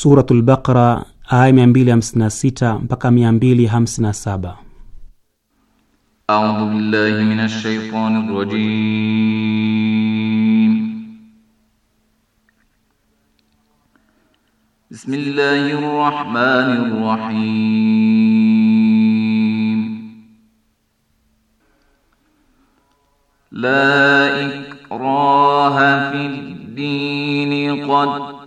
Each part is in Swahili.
Suratul Baqara aya 256 mpaka 257. A'udhu billahi minash shaitanir rajim. Bismillahir rahmanir rahim. La ikraha fid din qad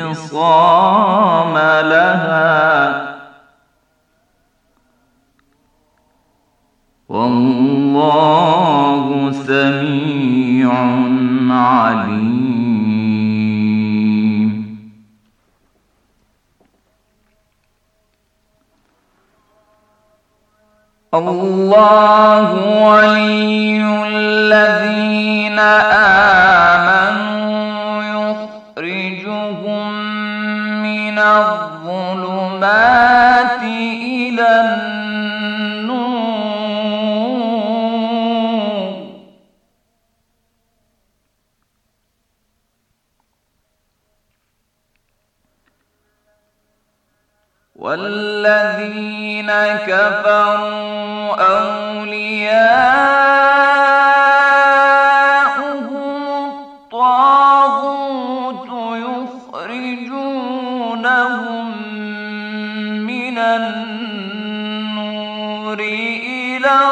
فصام لها والله سميع عليم الله ولي الذين آمنوا الظلمات إلى النور والذين كفروا أولياءهم الطاغوت إذا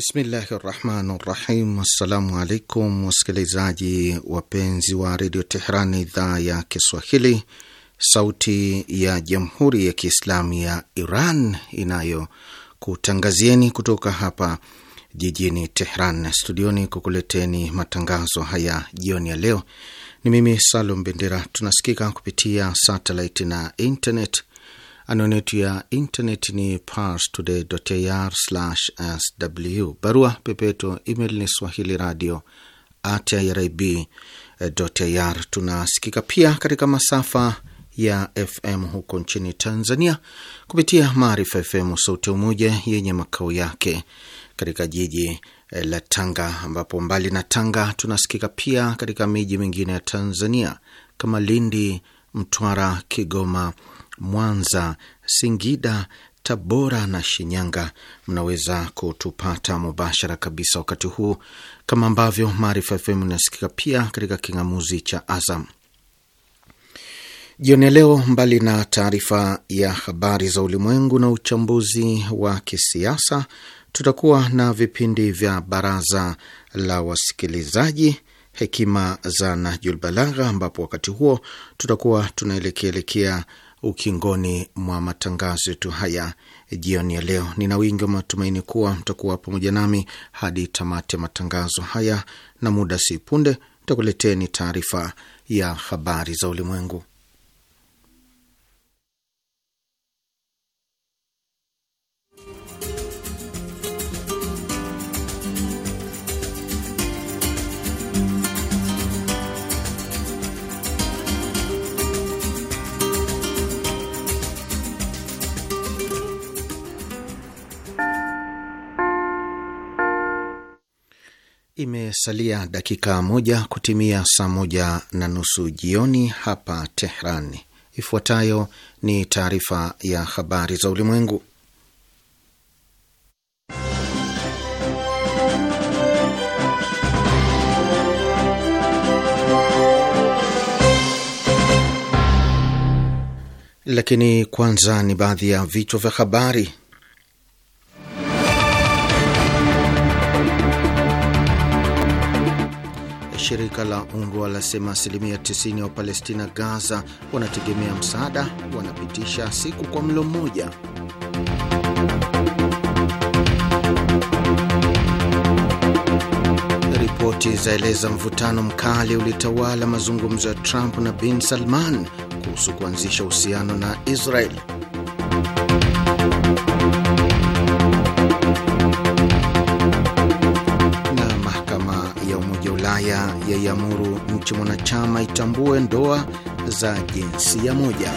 Bismillahi rahmani rahim. Assalamu alaikum wasikilizaji wapenzi wa redio Tehran, idhaa ya Kiswahili, sauti ya jamhuri ya Kiislamu ya Iran inayokutangazieni kutoka hapa jijini Tehran studioni kukuleteni matangazo haya jioni ya leo. Ni mimi Salum Bendera. Tunasikika kupitia satelit na internet Anwani yetu ya intaneti ni parstoday.ir/sw. Barua pepeto email ni swahili radio at irib.ir. Tunasikika pia katika masafa ya FM huko nchini Tanzania kupitia Maarifa FM Sauti ya Umoja yenye makao yake katika jiji eh, la Tanga, ambapo mbali na Tanga tunasikika pia katika miji mingine ya Tanzania kama Lindi, Mtwara, Kigoma Mwanza, Singida, Tabora na Shinyanga. Mnaweza kutupata mubashara kabisa wakati huu, kama ambavyo Maarifa FM inasikika pia katika king'amuzi cha Azam. Jioni ya leo, mbali na taarifa ya habari za ulimwengu na uchambuzi wa kisiasa, tutakuwa na vipindi vya baraza la wasikilizaji, hekima za Nahjul Balagha, ambapo wakati huo tutakuwa tunaelekeelekea ukingoni mwa matangazo yetu haya jioni ya leo. Nina wingi wa matumaini kuwa mtakuwa pamoja nami hadi tamati ya matangazo haya, na muda si punde nitakuleteni taarifa ya habari za ulimwengu. Imesalia dakika moja kutimia saa moja na nusu jioni hapa Tehran. Ifuatayo ni taarifa ya habari za ulimwengu, lakini kwanza ni baadhi ya vichwa vya habari. Shirika la UNRWA lasema asilimia 90 ya Wapalestina Gaza wanategemea msaada, wanapitisha siku kwa mlo mmoja. Ripoti zaeleza mvutano mkali ulitawala mazungumzo ya Trump na bin Salman kuhusu kuanzisha uhusiano na Israel. yaiamuru nchi mwanachama itambue ndoa za jinsia moja.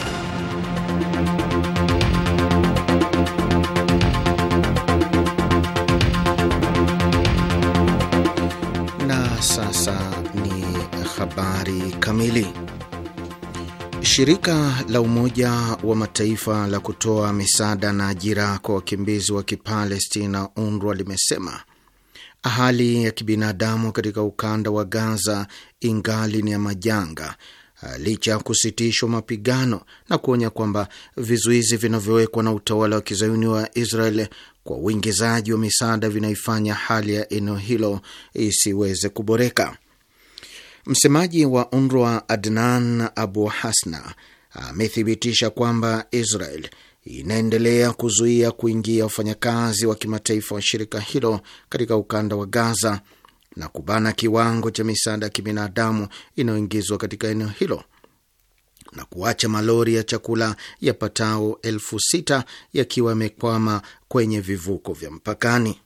Na sasa ni habari kamili. Shirika la Umoja wa Mataifa la kutoa misaada na ajira kwa wakimbizi wa Kipalestina, UNRWA, limesema Hali ya kibinadamu katika ukanda wa Gaza ingali ni ya majanga eh, licha ya kusitishwa mapigano, na kuonya kwamba vizuizi vinavyowekwa na utawala wa kizayuni wa Israel kwa uingizaji wa misaada vinaifanya hali ya eneo hilo isiweze kuboreka. Msemaji wa UNRWA Adnan Abu Hasna amethibitisha kwamba Israel inaendelea kuzuia kuingia wafanyakazi wa kimataifa wa shirika hilo katika ukanda wa Gaza na kubana kiwango cha misaada ya kibinadamu inayoingizwa katika eneo hilo na kuacha malori ya chakula yapatao elfu sita yakiwa yamekwama kwenye vivuko vya mpakani.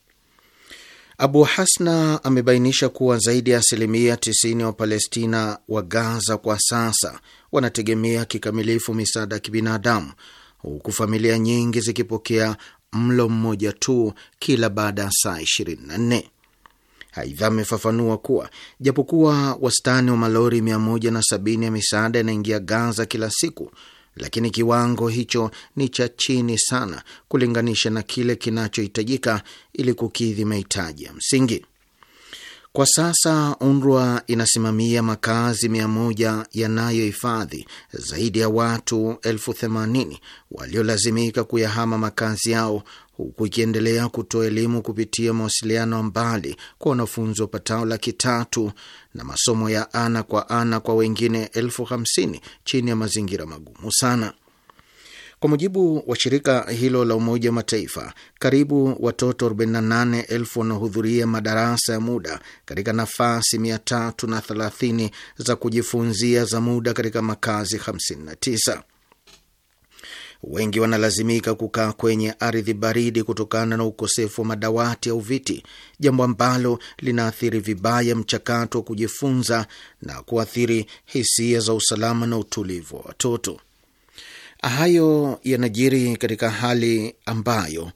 Abu Hasna amebainisha kuwa zaidi ya asilimia 90 wa Palestina wa Gaza kwa sasa wanategemea kikamilifu misaada ya kibinadamu huku familia nyingi zikipokea mlo mmoja tu kila baada ya saa 24. Aidha, amefafanua kuwa japokuwa wastani wa malori 170 ya misaada yanaingia Gaza kila siku, lakini kiwango hicho ni cha chini sana kulinganisha na kile kinachohitajika ili kukidhi mahitaji ya msingi. Kwa sasa UNRWA inasimamia makazi mia moja yanayohifadhi zaidi ya watu elfu themanini waliolazimika kuyahama makazi yao huku ikiendelea kutoa elimu kupitia mawasiliano mbali kwa wanafunzi wapatao laki tatu na masomo ya ana kwa ana kwa wengine elfu hamsini chini ya mazingira magumu sana. Kwa mujibu wa shirika hilo la Umoja wa Mataifa, karibu watoto 48,000 wanahudhuria madarasa ya muda katika nafasi 330 za kujifunzia za muda katika makazi 59. Wengi wanalazimika kukaa kwenye ardhi baridi kutokana na ukosefu wa madawati au viti, jambo ambalo linaathiri vibaya mchakato wa kujifunza na kuathiri hisia za usalama na utulivu wa watoto. Hayo yanajiri katika hali ambayo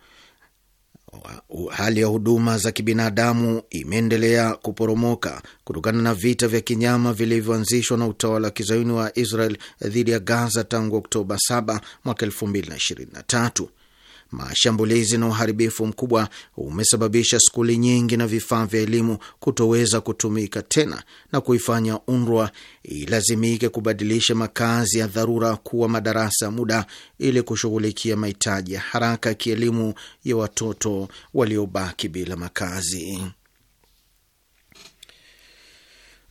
hali ya huduma za kibinadamu imeendelea kuporomoka kutokana na vita vya kinyama vilivyoanzishwa na utawala wa kizayuni wa Israel dhidi ya Gaza tangu Oktoba 7 mwaka 2023. Mashambulizi na uharibifu mkubwa umesababisha skuli nyingi na vifaa vya elimu kutoweza kutumika tena na kuifanya UNRWA ilazimike kubadilisha makazi ya dharura kuwa madarasa ya muda ili kushughulikia mahitaji ya haraka ya kielimu ya watoto waliobaki bila makazi.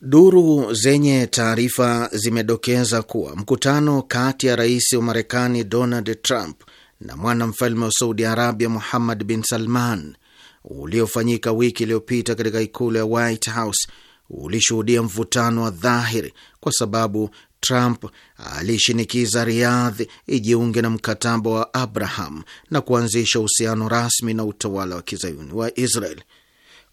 Duru zenye taarifa zimedokeza kuwa mkutano kati ya rais wa Marekani Donald Trump na mwana mfalme wa Saudi Arabia Muhammad bin Salman uliofanyika wiki iliyopita katika ikulu ya White House ulishuhudia mvutano wa dhahiri kwa sababu Trump alishinikiza riadhi ijiunge na mkataba wa Abraham na kuanzisha uhusiano rasmi na utawala wa kizayuni wa Israel.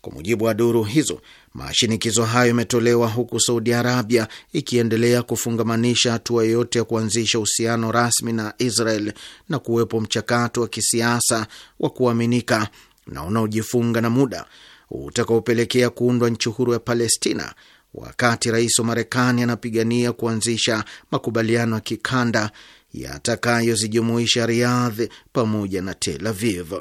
Kwa mujibu wa duru hizo, mashinikizo hayo yametolewa huku Saudi Arabia ikiendelea kufungamanisha hatua yoyote ya kuanzisha uhusiano rasmi na Israel na kuwepo mchakato wa kisiasa wa kuaminika na unaojifunga na muda utakaopelekea kuundwa nchi huru ya Palestina, wakati rais wa Marekani anapigania kuanzisha makubaliano ya kikanda yatakayozijumuisha Riyadh pamoja na Tel Aviv.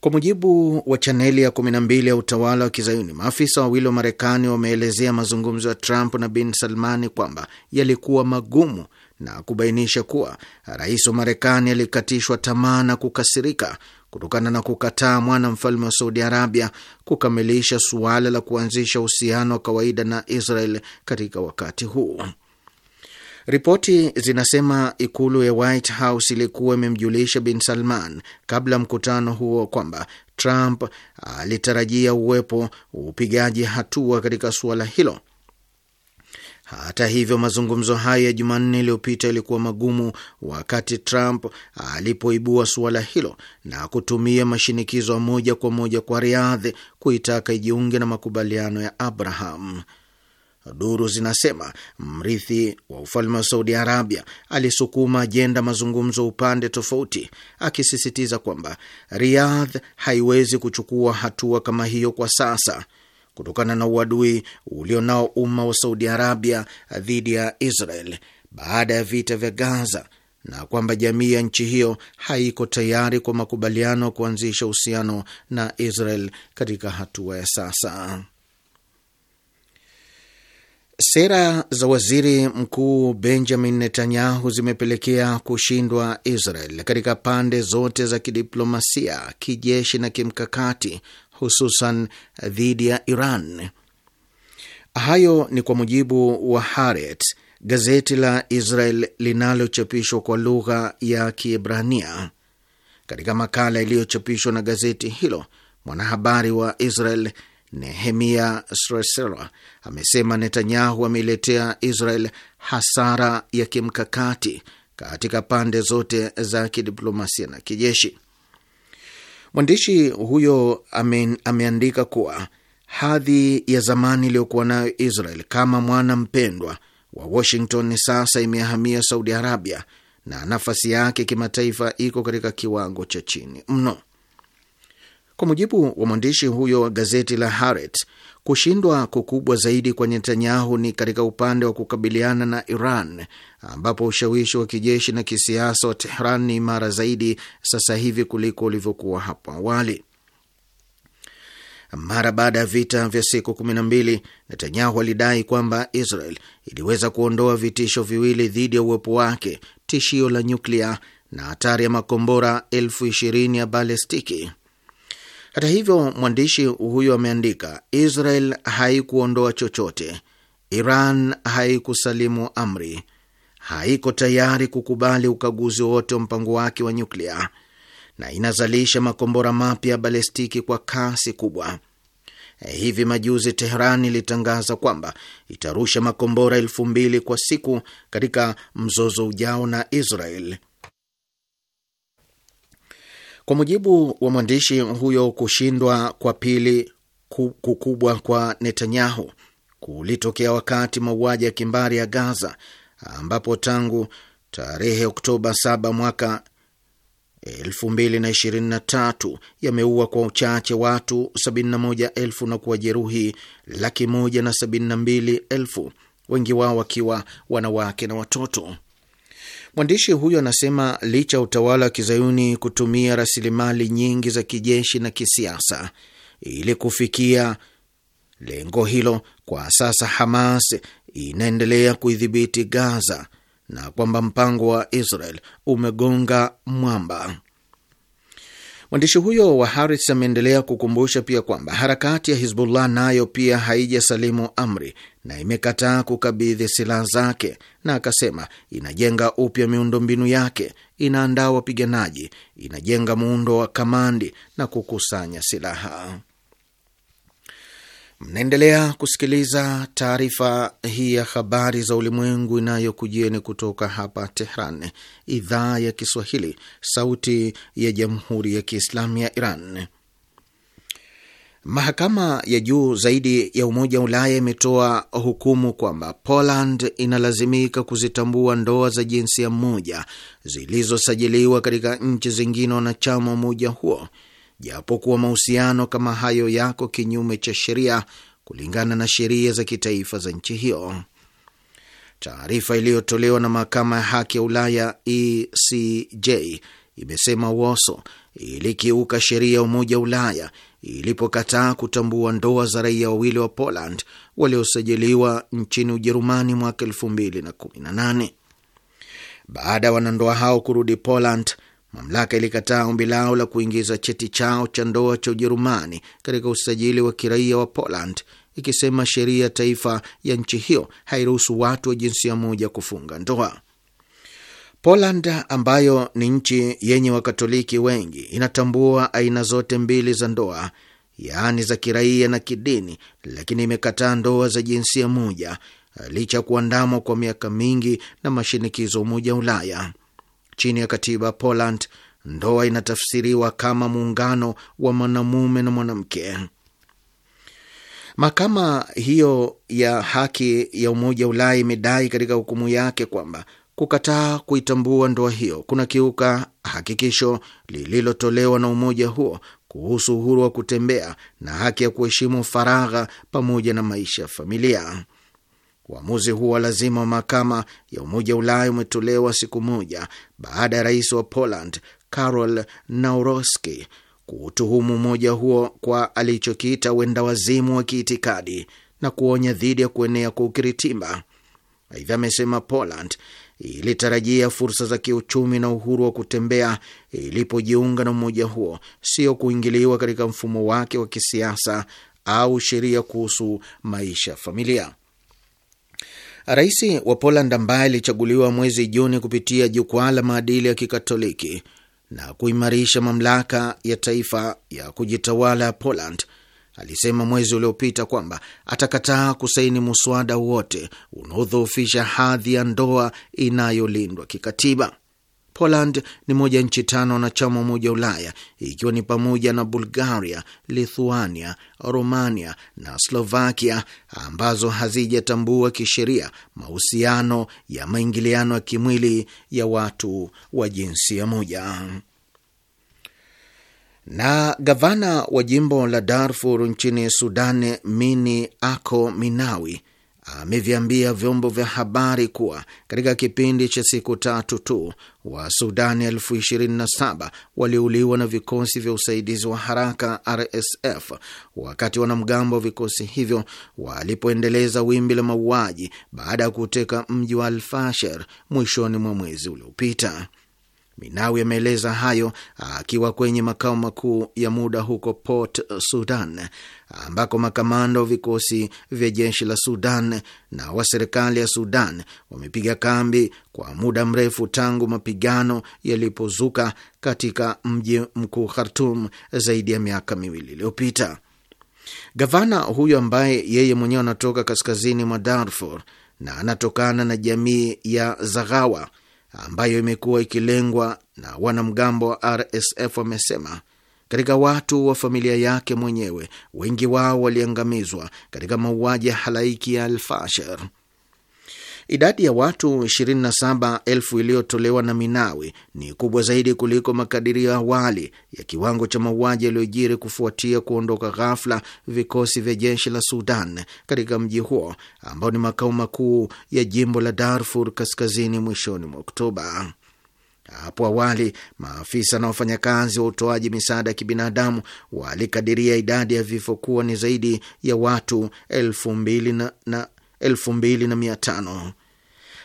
Kwa mujibu wa chaneli ya 12 ya utawala wa Kizayuni, maafisa wawili wa Marekani wameelezea mazungumzo ya Trump na bin Salmani kwamba yalikuwa magumu na kubainisha kuwa rais wa Marekani alikatishwa tamaa na kukasirika kutokana na kukataa mwana mfalme wa Saudi Arabia kukamilisha suala la kuanzisha uhusiano wa kawaida na Israel katika wakati huu. Ripoti zinasema ikulu ya White House ilikuwa imemjulisha Bin Salman kabla mkutano huo kwamba Trump alitarajia uwepo upigaji hatua katika suala hilo. Hata hivyo, mazungumzo hayo ya Jumanne iliyopita yalikuwa magumu wakati Trump alipoibua suala hilo na kutumia mashinikizo moja kwa moja kwa riadhi kuitaka ijiunge na makubaliano ya Abraham. Duru zinasema mrithi wa ufalme wa Saudi Arabia alisukuma ajenda mazungumzo upande tofauti, akisisitiza kwamba Riyadh haiwezi kuchukua hatua kama hiyo kwa sasa kutokana na uadui ulionao umma wa Saudi Arabia dhidi ya Israel baada ya vita vya Gaza na kwamba jamii ya nchi hiyo haiko tayari kwa makubaliano ya kuanzisha uhusiano na Israel katika hatua ya sasa. Sera za waziri mkuu Benjamin Netanyahu zimepelekea kushindwa Israel katika pande zote za kidiplomasia, kijeshi na kimkakati, hususan dhidi ya Iran. Hayo ni kwa mujibu wa Haaretz, gazeti la Israel linalochapishwa kwa lugha ya Kiebrania. Katika makala iliyochapishwa na gazeti hilo, mwanahabari wa Israel Nehemia Sresera amesema Netanyahu ameiletea Israel hasara ya kimkakati katika pande zote za kidiplomasia na kijeshi. Mwandishi huyo ame, ameandika kuwa hadhi ya zamani iliyokuwa nayo Israel kama mwana mpendwa wa Washington sasa imehamia Saudi Arabia na nafasi yake kimataifa iko katika kiwango cha chini mno. Kwa mujibu wa mwandishi huyo wa gazeti la Haaretz, kushindwa kukubwa zaidi kwa Netanyahu ni katika upande wa kukabiliana na Iran, ambapo ushawishi wa kijeshi na kisiasa wa Tehran ni imara zaidi sasa hivi kuliko ulivyokuwa hapo awali. Mara baada ya vita vya siku kumi na mbili, Netanyahu alidai kwamba Israel iliweza kuondoa vitisho viwili dhidi ya uwepo wake, tishio la nyuklia na hatari ya makombora elfu ishirini ya balestiki. Hata hivyo, mwandishi huyo ameandika, Israel haikuondoa chochote, Iran haikusalimu amri, haiko tayari kukubali ukaguzi wote wa mpango wake wa nyuklia na inazalisha makombora mapya ya balestiki kwa kasi kubwa. Eh, hivi majuzi Teheran ilitangaza kwamba itarusha makombora elfu mbili kwa siku katika mzozo ujao na Israel. Kwa mujibu wa mwandishi huyo, kushindwa kwa pili kukubwa kwa Netanyahu kulitokea wakati mauaji ya kimbari ya Gaza, ambapo tangu tarehe Oktoba 7 mwaka 2023 yameua kwa uchache watu 71,000 na kuwajeruhi laki moja na 72,000, wengi wao wakiwa wanawake na watoto. Mwandishi huyo anasema licha ya utawala wa kizayuni kutumia rasilimali nyingi za kijeshi na kisiasa ili kufikia lengo hilo, kwa sasa Hamas inaendelea kuidhibiti Gaza na kwamba mpango wa Israel umegonga mwamba. Mwandishi huyo wa Haris ameendelea kukumbusha pia kwamba harakati ya Hizbullah nayo pia haijasalimu amri na imekataa kukabidhi silaha zake, na akasema inajenga upya miundombinu yake, inaandaa wapiganaji, inajenga muundo wa kamandi na kukusanya silaha. Mnaendelea kusikiliza taarifa hii ya habari za ulimwengu inayokujieni kutoka hapa Tehran, idhaa ya Kiswahili, sauti ya jamhuri ya kiislamu ya Iran. Mahakama ya juu zaidi ya Umoja wa Ulaya imetoa hukumu kwamba Poland inalazimika kuzitambua ndoa za jinsia moja zilizosajiliwa katika nchi zingine wanachama umoja huo japokuwa mahusiano kama hayo yako kinyume cha sheria kulingana na sheria za kitaifa za nchi hiyo. Taarifa iliyotolewa na mahakama ya haki ya Ulaya ECJ imesema Woso ilikiuka sheria ya Umoja wa Ulaya ilipokataa kutambua ndoa za raia wawili wa Poland waliosajiliwa nchini Ujerumani mwaka 218 Baada ya wanandoa hao kurudi Poland, Mamlaka ilikataa ombi lao la kuingiza cheti chao cha ndoa cha Ujerumani katika usajili wa kiraia wa Poland, ikisema sheria ya taifa ya nchi hiyo hairuhusu watu wa jinsia moja kufunga ndoa. Poland ambayo ni nchi yenye Wakatoliki wengi inatambua aina zote mbili za ndoa, yaani za kiraia na kidini, lakini imekataa ndoa za jinsia moja licha ya kuandamwa kwa miaka mingi na mashinikizo Umoja wa Ulaya. Chini ya katiba Poland, ndoa inatafsiriwa kama muungano wa mwanamume na mwanamke. Mahakama hiyo ya haki ya Umoja wa Ulaya imedai katika hukumu yake kwamba kukataa kuitambua ndoa hiyo kuna kiuka hakikisho lililotolewa na umoja huo kuhusu uhuru wa kutembea na haki ya kuheshimu faragha pamoja na maisha ya familia. Uamuzi huo lazima wa mahakama ya Umoja wa Ulaya umetolewa siku moja baada ya rais wa Poland Karol Nawrocki kuutuhumu umoja huo kwa alichokiita wendawazimu wa kiitikadi na kuonya dhidi ya kuenea kwa ukiritimba. Aidha, amesema Poland ilitarajia fursa za kiuchumi na uhuru wa kutembea ilipojiunga na umoja huo, sio kuingiliwa katika mfumo wake wa kisiasa au sheria kuhusu maisha ya familia. Rais wa Poland ambaye alichaguliwa mwezi Juni kupitia jukwaa la maadili ya Kikatoliki na kuimarisha mamlaka ya taifa ya kujitawala Poland alisema mwezi uliopita kwamba atakataa kusaini muswada wote unaodhoofisha hadhi ya ndoa inayolindwa kikatiba. Poland ni moja nchi tano wanachama Umoja wa Ulaya, ikiwa ni pamoja na Bulgaria, Lithuania, Romania na Slovakia ambazo hazijatambua kisheria mahusiano ya maingiliano ya kimwili ya watu wa jinsia moja. Na gavana wa jimbo la Darfur nchini Sudan, Mini Ako Minawi ameviambia vyombo vya habari kuwa katika kipindi cha siku tatu tu wa Sudani elfu ishirini na saba waliuliwa na vikosi vya usaidizi wa haraka RSF wakati wanamgambo wa vikosi hivyo walipoendeleza wimbi la mauaji baada ya kuteka mji wa Alfasher mwishoni mwa mwezi uliopita. Minawi ameeleza hayo akiwa kwenye makao makuu ya muda huko Port Sudan, ambako makamanda wa vikosi vya jeshi la Sudan na wa serikali ya Sudan wamepiga kambi kwa muda mrefu tangu mapigano yalipozuka katika mji mkuu Khartum zaidi ya miaka miwili iliyopita. Gavana huyo ambaye yeye mwenyewe anatoka kaskazini mwa Darfur na anatokana na jamii ya Zaghawa ambayo imekuwa ikilengwa na wanamgambo wa RSF wamesema katika watu wa familia yake mwenyewe wengi wao waliangamizwa katika mauaji ya halaiki ya Alfasher. Idadi ya watu 27,000 iliyotolewa na Minawi ni kubwa zaidi kuliko makadirio ya awali ya kiwango cha mauaji yaliyojiri kufuatia kuondoka ghafla vikosi vya jeshi la Sudan katika mji huo ambao ni makao makuu ya jimbo la Darfur kaskazini mwishoni mwa Oktoba. Hapo awali maafisa na wafanyakazi wa utoaji misaada ya kibinadamu walikadiria idadi ya vifo kuwa ni zaidi ya watu elfu mbili na, na 2500.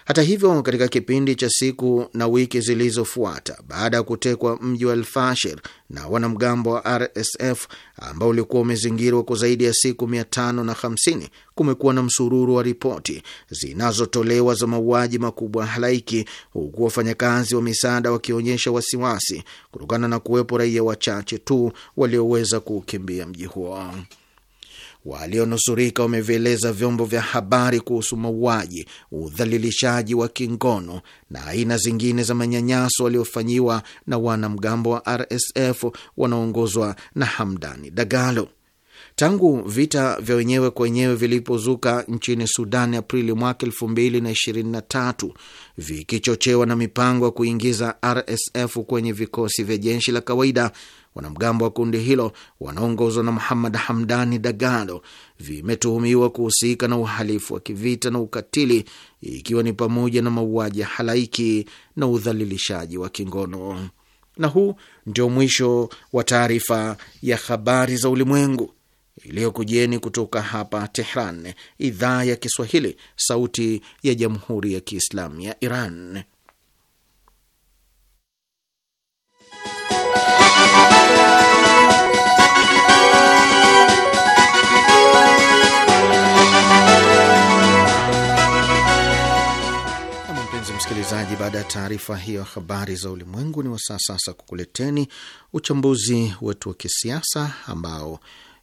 Hata hivyo, katika kipindi cha siku na wiki zilizofuata baada ya kutekwa mji wa alfashir na wanamgambo wa RSF ambao ulikuwa umezingirwa kwa zaidi ya siku 550, kumekuwa na msururu wa ripoti zinazotolewa za mauaji makubwa halaiki, huku wafanyakazi wa misaada wakionyesha wasiwasi kutokana na kuwepo raia wachache tu walioweza kuukimbia mji huo walionusurika wamevieleza vyombo vya habari kuhusu mauaji, udhalilishaji wa kingono na aina zingine za manyanyaso waliofanyiwa na wanamgambo wa RSF wanaoongozwa na Hamdani Dagalo. Tangu vita vya wenyewe kwa wenyewe vilipozuka nchini Sudani Aprili mwaka elfu mbili na ishirini na tatu, vikichochewa na mipango ya kuingiza RSF kwenye vikosi vya jeshi la kawaida, wanamgambo wa kundi hilo wanaongozwa na Muhammad Hamdani Dagalo vimetuhumiwa kuhusika na uhalifu wa kivita na ukatili, ikiwa ni pamoja na mauaji ya halaiki na udhalilishaji wa kingono. Na huu ndio mwisho wa taarifa ya habari za ulimwengu iliyokujieni kutoka hapa Tehran, idhaa ya Kiswahili, sauti ya jamhuri ya kiislamu ya Iran. msikilizaji, baada ya taarifa hiyo habari za ulimwengu, ni wasaa sasa kukuleteni uchambuzi wetu wa kisiasa ambao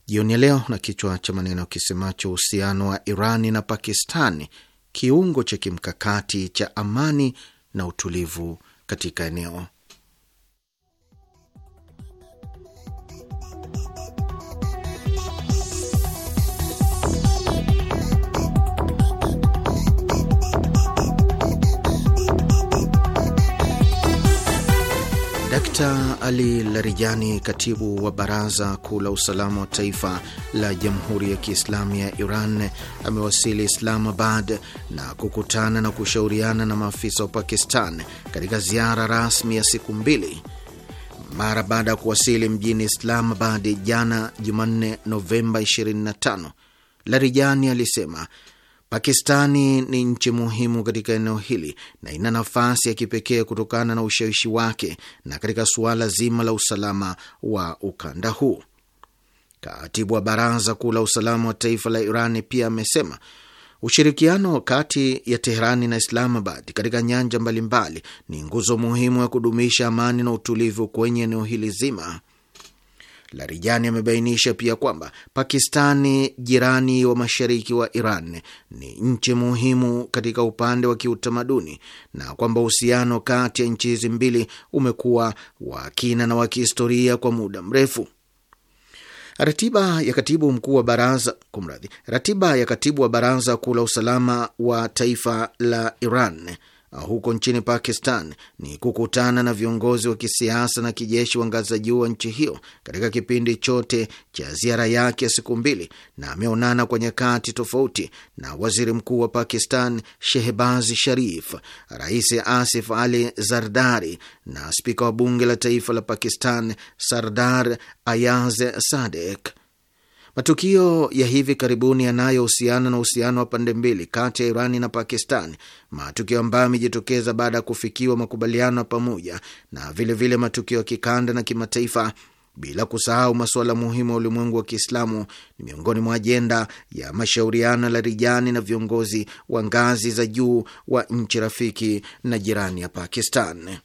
jioni ya leo na kichwa cha maneno kisemacho uhusiano wa Irani na Pakistani, kiungo cha kimkakati cha amani na utulivu katika eneo Dr Ali Larijani, katibu wa Baraza Kuu la Usalama wa Taifa la Jamhuri ya Kiislamu ya Iran, amewasili Islamabad na kukutana na kushauriana na maafisa wa Pakistan katika ziara rasmi ya siku mbili. Mara baada ya kuwasili mjini Islamabad jana Jumanne, Novemba 25, Larijani alisema Pakistani ni nchi muhimu katika eneo hili na ina nafasi ya kipekee kutokana na ushawishi wake na katika suala zima la usalama wa ukanda huu. Katibu wa Baraza Kuu la Usalama wa Taifa la Irani pia amesema ushirikiano kati ya Teherani na Islamabad katika nyanja mbalimbali ni nguzo muhimu ya kudumisha amani na utulivu kwenye eneo hili zima. Larijani amebainisha pia kwamba Pakistani, jirani wa mashariki wa Iran, ni nchi muhimu katika upande wa kiutamaduni na kwamba uhusiano kati ya nchi hizi mbili umekuwa wa kina na wa kihistoria kwa muda mrefu. Ratiba ya katibu mkuu wa baraza kumradhi, ratiba ya katibu wa baraza kuu la usalama wa taifa la Iran Ah, huko nchini Pakistan ni kukutana na viongozi wa kisiasa na kijeshi wa ngazi za juu wa nchi hiyo katika kipindi chote cha ziara yake ya siku mbili, na ameonana kwa nyakati tofauti na waziri mkuu wa Pakistan Shehbaz Sharif, rais Asif Ali Zardari na spika wa bunge la taifa la Pakistan Sardar Ayaz Sadek. Matukio ya hivi karibuni yanayohusiana na uhusiano wa pande mbili kati ya Irani na Pakistan, matukio ambayo yamejitokeza baada ya kufikiwa makubaliano ya pamoja, na vilevile vile matukio ya kikanda na kimataifa, bila kusahau masuala muhimu ya ulimwengu wa Kiislamu, ni miongoni mwa ajenda ya mashauriano ya Larijani na viongozi wa ngazi za juu wa nchi rafiki na jirani ya Pakistan.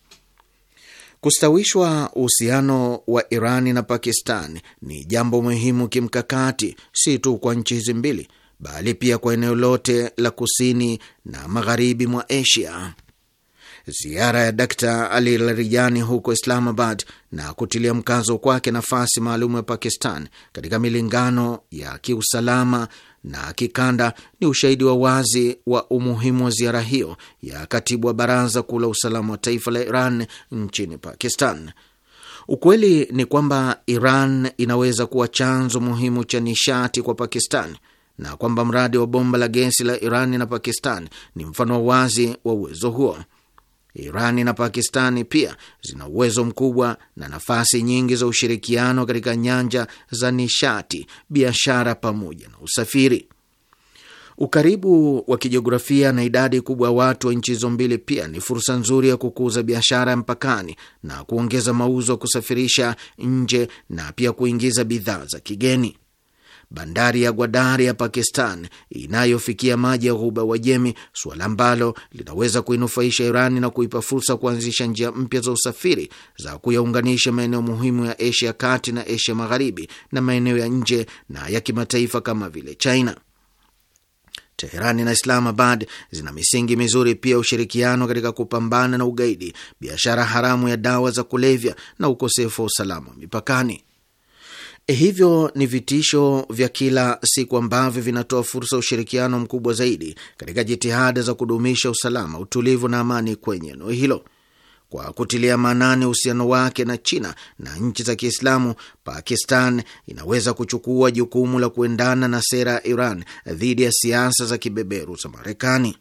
Kustawishwa uhusiano wa Irani na Pakistan ni jambo muhimu kimkakati, si tu kwa nchi hizi mbili, bali pia kwa eneo lote la kusini na magharibi mwa Asia. Ziara ya Dkt Ali Larijani huko Islamabad na kutilia mkazo kwake nafasi maalum ya Pakistan katika milingano ya kiusalama na kikanda ni ushahidi wa wazi wa umuhimu wa ziara hiyo ya katibu wa baraza kuu la usalama wa taifa la Iran nchini Pakistan. Ukweli ni kwamba Iran inaweza kuwa chanzo muhimu cha nishati kwa Pakistan na kwamba mradi wa bomba la gesi la Iran na Pakistan ni mfano wa wazi wa uwezo huo. Irani na Pakistani pia zina uwezo mkubwa na nafasi nyingi za ushirikiano katika nyanja za nishati, biashara pamoja na usafiri. Ukaribu wa kijiografia na idadi kubwa ya watu wa nchi hizo mbili pia ni fursa nzuri ya kukuza biashara ya mpakani na kuongeza mauzo, ya kusafirisha nje na pia kuingiza bidhaa za kigeni bandari ya Gwadari ya Pakistan inayofikia maji ya ghuba Wajemi, suala ambalo linaweza kuinufaisha Irani na kuipa fursa kuanzisha njia mpya za usafiri za kuyaunganisha maeneo muhimu ya Asia kati na Asia magharibi na maeneo ya nje na ya kimataifa kama vile China. Teherani na Islamabad zina misingi mizuri pia ushirikiano katika kupambana na ugaidi, biashara haramu ya dawa za kulevya na ukosefu wa usalama mipakani. Eh, hivyo ni vitisho vya kila siku ambavyo vinatoa fursa ya ushirikiano mkubwa zaidi katika jitihada za kudumisha usalama, utulivu na amani kwenye eneo hilo. Kwa kutilia maanani uhusiano wake na China na nchi za Kiislamu, Pakistan inaweza kuchukua jukumu la kuendana na sera ya Iran dhidi ya siasa za kibeberu za Marekani.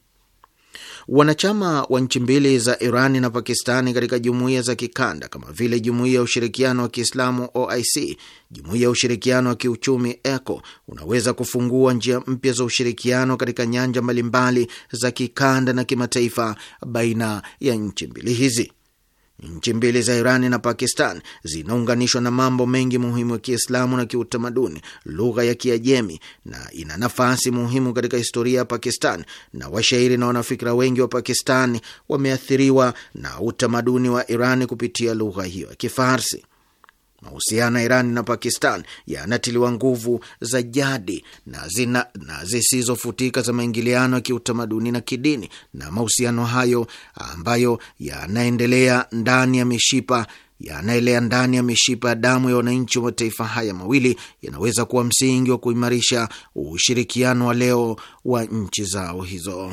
Wanachama wa nchi mbili za Irani na Pakistani katika jumuiya za kikanda kama vile Jumuiya ya Ushirikiano wa Kiislamu OIC, Jumuiya ya Ushirikiano wa Kiuchumi ECO unaweza kufungua njia mpya za ushirikiano katika nyanja mbalimbali za kikanda na kimataifa baina ya nchi mbili hizi. Nchi mbili za Irani na Pakistan zinaunganishwa na mambo mengi muhimu ya Kiislamu na kiutamaduni, lugha ya Kiajemi, na ina nafasi muhimu katika historia ya Pakistan, na washairi na wanafikira wengi wa Pakistan wameathiriwa na utamaduni wa Irani kupitia lugha hiyo ya Kifarsi. Mahusiano ya Iran na Pakistan yanatiliwa nguvu za jadi na zina na zisizofutika za maingiliano ya kiutamaduni na kidini, na mahusiano hayo ambayo yanaendelea ndani ya mishipa yanaelea ndani ya mishipa ya damu ya wananchi wa mataifa haya mawili yanaweza kuwa msingi wa kuimarisha ushirikiano wa leo wa nchi zao hizo.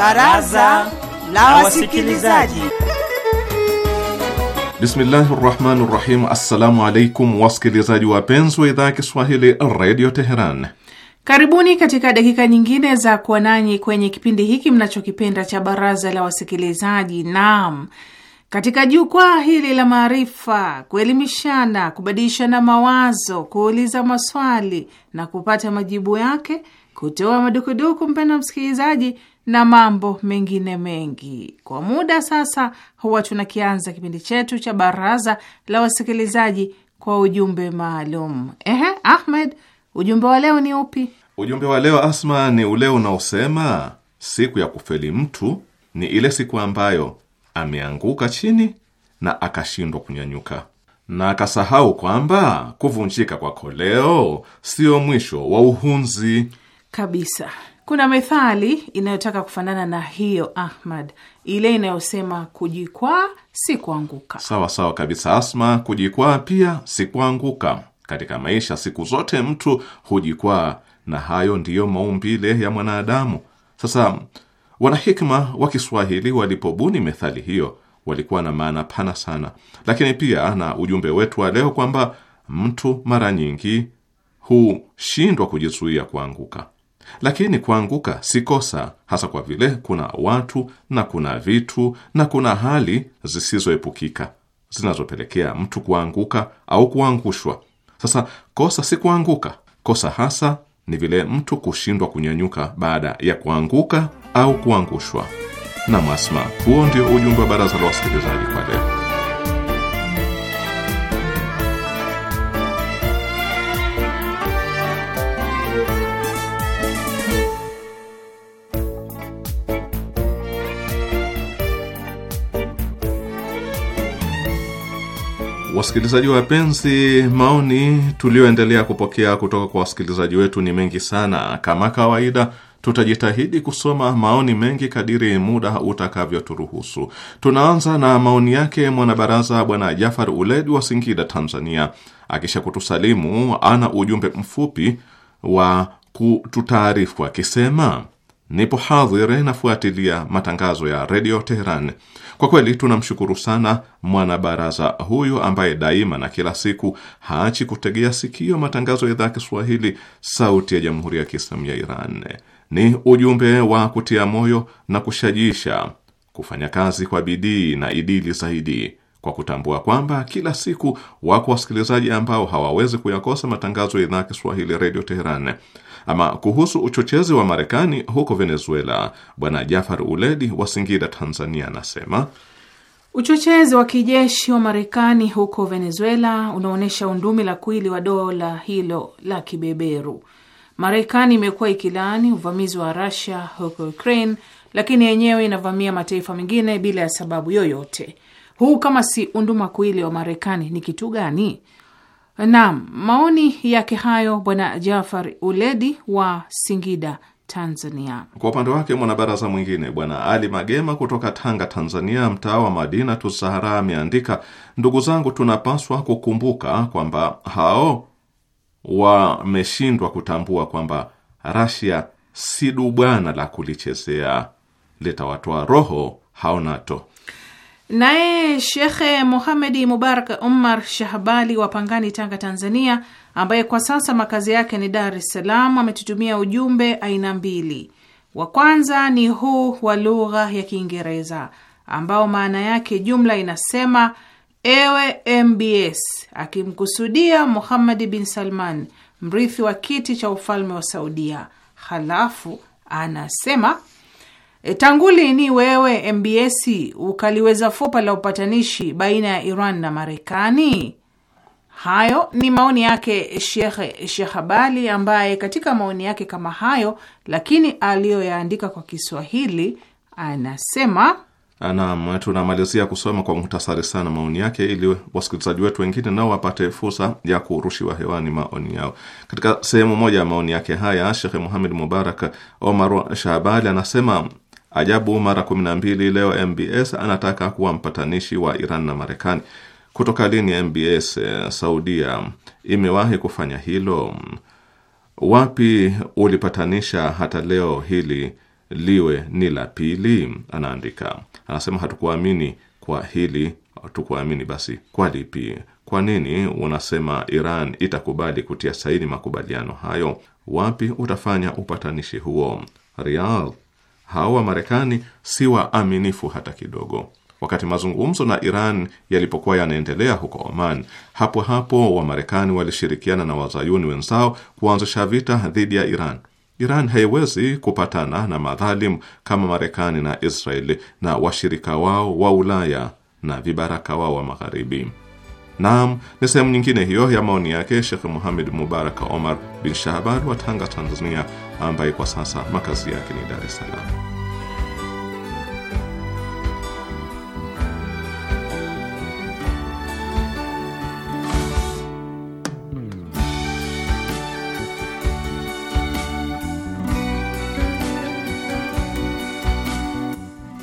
Baraza la Wasikilizaji. Bismillahi rahmani rahim. Assalamu alaikum wasikilizaji wapenzi wa idhaa ya Kiswahili Radio Teheran. Karibuni katika dakika nyingine za kuwa nanyi kwenye kipindi hiki mnachokipenda cha Baraza la Wasikilizaji. Naam, katika jukwaa hili la maarifa, kuelimishana, kubadilishana mawazo, kuuliza maswali na kupata majibu yake, kutoa madukuduku, mpendwa msikilizaji, na mambo mengine mengi. Kwa muda sasa, huwa tunakianza kipindi chetu cha baraza la wasikilizaji kwa ujumbe maalum. Ehe, Ahmed, ujumbe wa leo ni upi? Ujumbe wa leo Asma, ni ule unaosema siku ya kufeli mtu ni ile siku ambayo ameanguka chini na akashindwa kunyanyuka na akasahau kwamba kuvunjika kwako leo sio mwisho wa uhunzi kabisa. Kuna methali inayotaka kufanana na hiyo Ahmad, ile inayosema kujikwaa si kuanguka. Sawa sawa kabisa, Asma. Kujikwaa pia si kuanguka. Katika maisha siku zote mtu hujikwaa, na hayo ndiyo maumbile ya mwanadamu. Sasa wanahikma wa Kiswahili walipobuni methali hiyo walikuwa na maana pana sana, lakini pia na ujumbe wetu wa leo kwamba mtu mara nyingi hushindwa kujizuia kuanguka. Lakini kuanguka si kosa, hasa kwa vile kuna watu na kuna vitu na kuna hali zisizoepukika zinazopelekea mtu kuanguka au kuangushwa. Sasa kosa si kuanguka, kosa hasa ni vile mtu kushindwa kunyanyuka baada ya kuanguka au kuangushwa. Na Masma, huo ndio ujumbe wa Baraza la Wasikilizaji kwa leo. Wasikilizaji wapenzi, maoni tulioendelea kupokea kutoka kwa wasikilizaji wetu ni mengi sana. Kama kawaida, tutajitahidi kusoma maoni mengi kadiri muda utakavyoturuhusu. Tunaanza na maoni yake mwanabaraza Bwana Jafar Uledi wa Singida, Tanzania. Akisha kutusalimu, ana ujumbe mfupi wa kututaarifu akisema nipo hadhire nafuatilia matangazo ya redio Teheran. Kwa kweli tunamshukuru sana mwanabaraza huyu ambaye daima na kila siku haachi kutegea sikio matangazo ya idhaa ya Kiswahili, sauti ya jamhuri ya kiislamu ya Iran. Ni ujumbe wa kutia moyo na kushajisha kufanya kazi kwa bidii na idili zaidi kwa kutambua kwamba kila siku wako wasikilizaji ambao hawawezi kuyakosa matangazo ya idhaa ya Kiswahili redio Teheran. Ama kuhusu uchochezi wa Marekani huko Venezuela, Bwana Jafar Uledi wa Singida, Tanzania, anasema uchochezi wa kijeshi wa Marekani huko Venezuela unaonyesha undumi la kwili wa dola hilo la kibeberu. Marekani imekuwa ikilaani uvamizi wa rasia huko Ukraine, lakini yenyewe inavamia mataifa mengine bila ya sababu yoyote. Huu kama si unduma kuili wa Marekani ni kitu gani? Naam, maoni yake hayo Bwana Jafar Uledi wa Singida, Tanzania. Kwa upande wake mwanabaraza mwingine Bwana Ali Magema kutoka Tanga, Tanzania, mtaa wa Madina Tusahara ameandika, ndugu zangu, tunapaswa kukumbuka kwamba hao wameshindwa kutambua kwamba Rasia si dubwana la kulichezea, litawatoa roho hao NATO. Naye Shekhe muhamedi Mubarak Umar Shahbali wa Pangani, Tanga, Tanzania, ambaye kwa sasa makazi yake ni Dar es Salaam, ametutumia ujumbe aina mbili. Wa kwanza ni huu wa lugha ya Kiingereza ambao maana yake jumla inasema: ewe MBS, akimkusudia Muhammad bin Salman, mrithi wa kiti cha ufalme wa Saudia. Halafu anasema E, tanguli ni wewe MBS ukaliweza fupa la upatanishi baina ya Iran na Marekani. Hayo ni maoni yake Sheikh Shehabali, ambaye katika maoni yake kama hayo, lakini aliyoyaandika kwa Kiswahili anasema Naam, tunamalizia kusoma kwa muhtasari sana maoni yake ili wasikilizaji wetu wengine nao wapate fursa ya kurushiwa hewani maoni yao. Katika sehemu moja ya maoni yake haya, Shekhe Muhamed Mubarak Omar Shahbali anasema Ajabu mara 12 leo MBS anataka kuwa mpatanishi wa Iran na Marekani. Kutoka lini MBS eh, Saudia imewahi kufanya hilo? Wapi ulipatanisha hata leo hili liwe ni la pili? Anaandika, anasema hatukuamini kwa hili, tukuamini basi kwa lipi? Kwa nini unasema Iran itakubali kutia saini makubaliano hayo? Wapi utafanya upatanishi huo? Riyadh wa Marekani si waaminifu hata kidogo. Wakati mazungumzo na Iran yalipokuwa yanaendelea huko Oman, hapo hapo Wamarekani walishirikiana na wazayuni wenzao kuanzisha vita dhidi ya Iran. Iran haiwezi kupatana na madhalimu kama Marekani na Israeli na washirika wao wa Ulaya na vibaraka wao wa Magharibi. Naam, ni sehemu nyingine hiyo ya maoni yake Shekh Muhamed Mubaraka Omar bin Shahban wa Tanga, Tanzania ambaye kwa sasa makazi yake ni Dar es Salaam.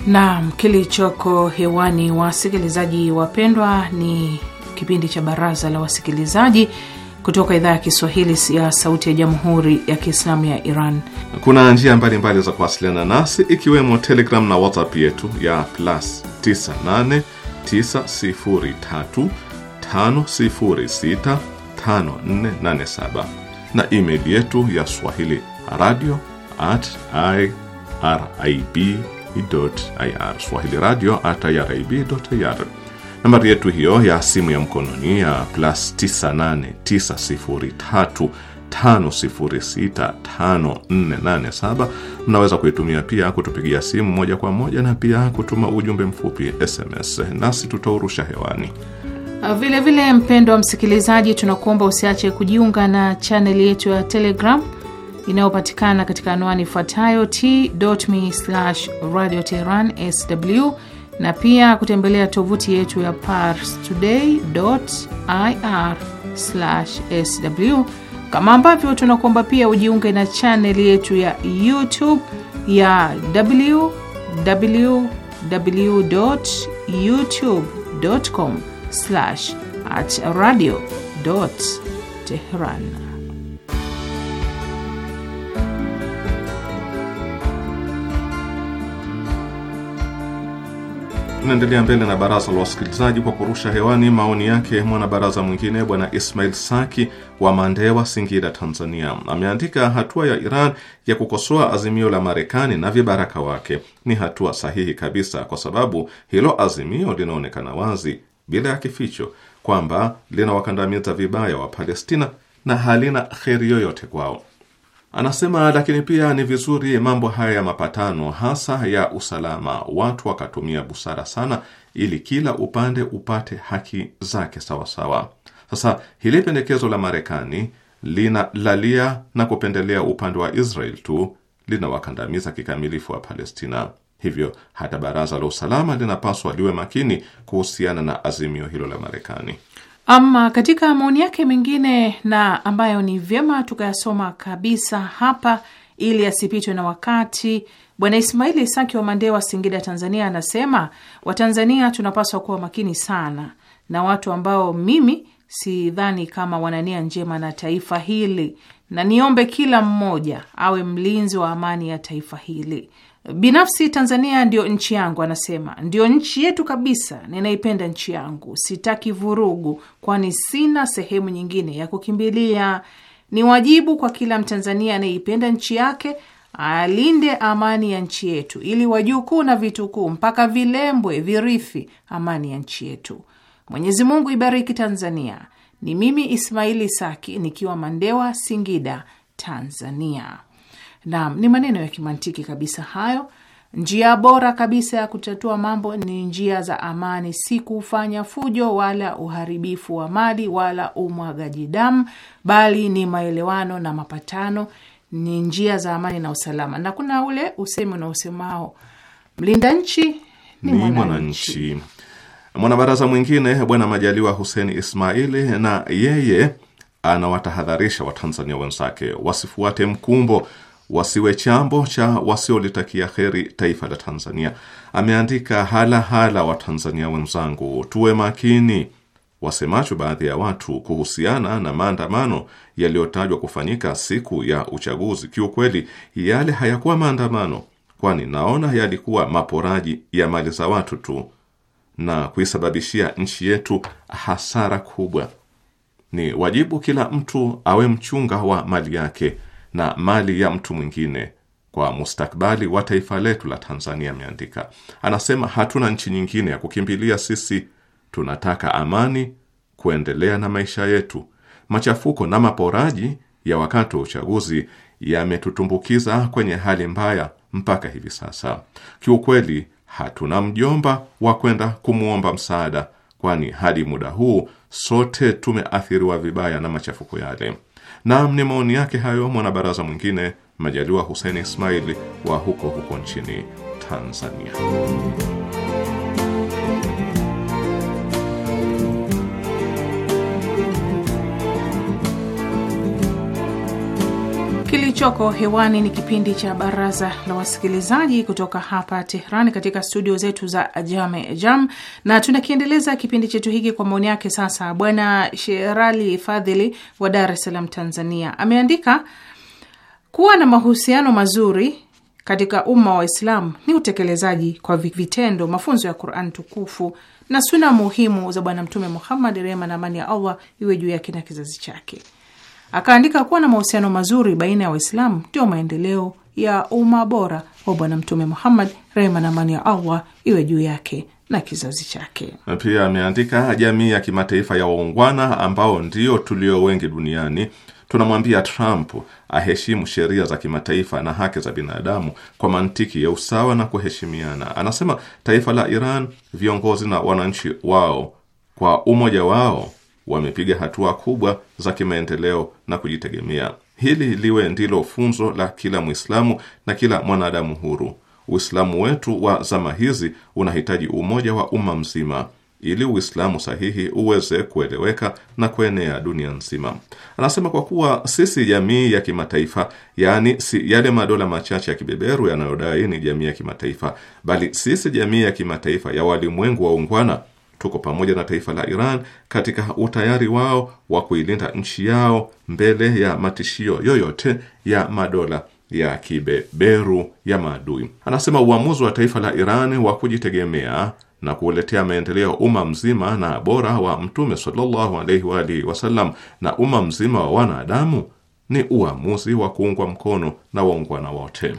Naam, kilichoko hewani, wasikilizaji wapendwa, ni kipindi cha Baraza la Wasikilizaji kutoka idhaa ya Kiswahili ya Sauti ya Jamhuri ya Kiislamu ya Iran. Kuna njia mbalimbali za kuwasiliana nasi ikiwemo Telegram na WhatsApp yetu ya plus 989035065487 na email yetu ya swahili radio at irib ir swahili radio at irib ir Nambari yetu hiyo ya simu ya mkononi ya plus 989035065487 mnaweza kuitumia pia kutupigia simu moja kwa moja na pia kutuma ujumbe mfupi SMS, nasi tutaurusha hewani. Vilevile ah, vile, mpendo wa msikilizaji, tunakuomba usiache kujiunga na chaneli yetu ya Telegram inayopatikana katika anwani ifuatayo t.me/radio Tehran sw na pia kutembelea tovuti yetu ya parstoday.ir/sw, kama ambavyo tunakuomba pia ujiunge na chaneli yetu ya YouTube ya www.youtube.com/radio Tehran. Tunaendelea mbele na baraza la wasikilizaji kwa kurusha hewani maoni yake mwanabaraza mwingine bwana Ismail Saki wa Mandewa, Singida, Tanzania. Ameandika, hatua ya Iran ya kukosoa azimio la Marekani na vibaraka wake ni hatua sahihi kabisa, kwa sababu hilo azimio linaonekana wazi bila ya kificho kwamba linawakandamiza vibaya wa Palestina na halina kheri yoyote kwao. Anasema lakini pia ni vizuri mambo haya ya mapatano, hasa ya usalama, watu wakatumia busara sana, ili kila upande upate haki zake sawasawa. Sasa hili pendekezo la Marekani linalalia na kupendelea upande wa Israel tu, linawakandamiza kikamilifu wa Palestina. Hivyo hata baraza la usalama linapaswa liwe makini kuhusiana na azimio hilo la Marekani. Ama katika maoni yake mengine na ambayo ni vyema tukayasoma kabisa hapa ili asipitwe na wakati, Bwana Ismaili saki wa Mandewa, Singida, Tanzania, anasema Watanzania tunapaswa kuwa makini sana na watu ambao mimi sidhani kama wanania njema na taifa hili, na niombe kila mmoja awe mlinzi wa amani ya taifa hili. Binafsi Tanzania ndiyo nchi yangu, anasema ndiyo nchi yetu kabisa. Ninaipenda nchi yangu, sitaki vurugu, kwani sina sehemu nyingine ya kukimbilia. Ni wajibu kwa kila Mtanzania anayeipenda nchi yake alinde amani ya nchi yetu, ili wajukuu na vitukuu mpaka vilembwe virithi amani ya nchi yetu. Mwenyezi Mungu ibariki Tanzania. Ni mimi Ismaili Saki nikiwa Mandewa, Singida, Tanzania. Naam, ni maneno ya kimantiki kabisa hayo. Njia bora kabisa ya kutatua mambo ni njia za amani, si kufanya fujo wala uharibifu wa mali wala umwagaji damu, bali ni maelewano na mapatano, ni njia za amani na usalama. Na kuna ule usemi unaosemao mlinda nchi ni mwananchi. Mwanabaraza mwingine Bwana Majaliwa Hussein Ismaili, na yeye anawatahadharisha Watanzania wenzake wasifuate mkumbo wasiwe chambo cha wasiolitakia kheri taifa la Tanzania. Ameandika hala hala, Watanzania wenzangu, tuwe makini wasemacho baadhi ya watu kuhusiana na maandamano yaliyotajwa kufanyika siku ya uchaguzi. Kiukweli yale hayakuwa maandamano, kwani naona yalikuwa maporaji ya mali za watu tu na kuisababishia nchi yetu hasara kubwa. Ni wajibu kila mtu awe mchunga wa mali yake na mali ya mtu mwingine kwa mustakbali wa taifa letu la Tanzania, ameandika. Anasema hatuna nchi nyingine ya kukimbilia sisi, tunataka amani, kuendelea na maisha yetu. Machafuko na maporaji ya wakati wa uchaguzi yametutumbukiza kwenye hali mbaya mpaka hivi sasa. Kiukweli hatuna mjomba wa kwenda kumwomba msaada, kwani hadi muda huu sote tumeathiriwa vibaya na machafuko yale. Naam, ni maoni yake hayo mwanabaraza mwingine Majaliwa Hussein Ismail wa huko huko nchini Tanzania. Kilichoko hewani ni kipindi cha Baraza la Wasikilizaji kutoka hapa Tehrani, katika studio zetu za Jame Jam, na tunakiendeleza kipindi chetu hiki kwa maoni yake. Sasa Bwana Sherali Fadhili wa Dar es Salaam, Tanzania, ameandika kuwa na mahusiano mazuri katika umma wa islam ni utekelezaji kwa vitendo mafunzo ya Quran tukufu na suna muhimu za Bwana Mtume Muhammad, rehema na amani ya Allah iwe juu yake na kizazi chake. Akaandika kuwa na mahusiano mazuri baina ya Waislamu ndio maendeleo ya umma bora wa Bwana Mtume Muhammad, rehma na amani ya Allah iwe juu yake na kizazi chake. Pia ameandika jamii ya kimataifa ya waungwana ambao ndio tulio wengi duniani tunamwambia Trump aheshimu sheria za kimataifa na haki za binadamu kwa mantiki ya usawa na kuheshimiana. Anasema taifa la Iran, viongozi na wananchi wao kwa umoja wao wamepiga hatua kubwa za kimaendeleo na kujitegemea. Hili liwe ndilo funzo la kila Mwislamu na kila mwanadamu huru. Uislamu wetu wa zama hizi unahitaji umoja wa umma mzima ili Uislamu sahihi uweze kueleweka na kuenea dunia nzima. Anasema kwa kuwa sisi jamii ya kimataifa, yaani si yale madola machache ya kibeberu yanayodai ni jamii ya kimataifa, bali sisi jamii ya kimataifa ya walimwengu waungwana Tuko pamoja na taifa la Iran katika utayari wao wa kuilinda nchi yao mbele ya matishio yoyote ya madola ya kibeberu ya maadui. Anasema uamuzi wa taifa la Iran wa kujitegemea na kuuletea maendeleo umma mzima na bora wa Mtume sallallahu alaihi wa alihi wasallam na umma mzima wa wanadamu ni uamuzi wa kuungwa mkono na waungwana wote.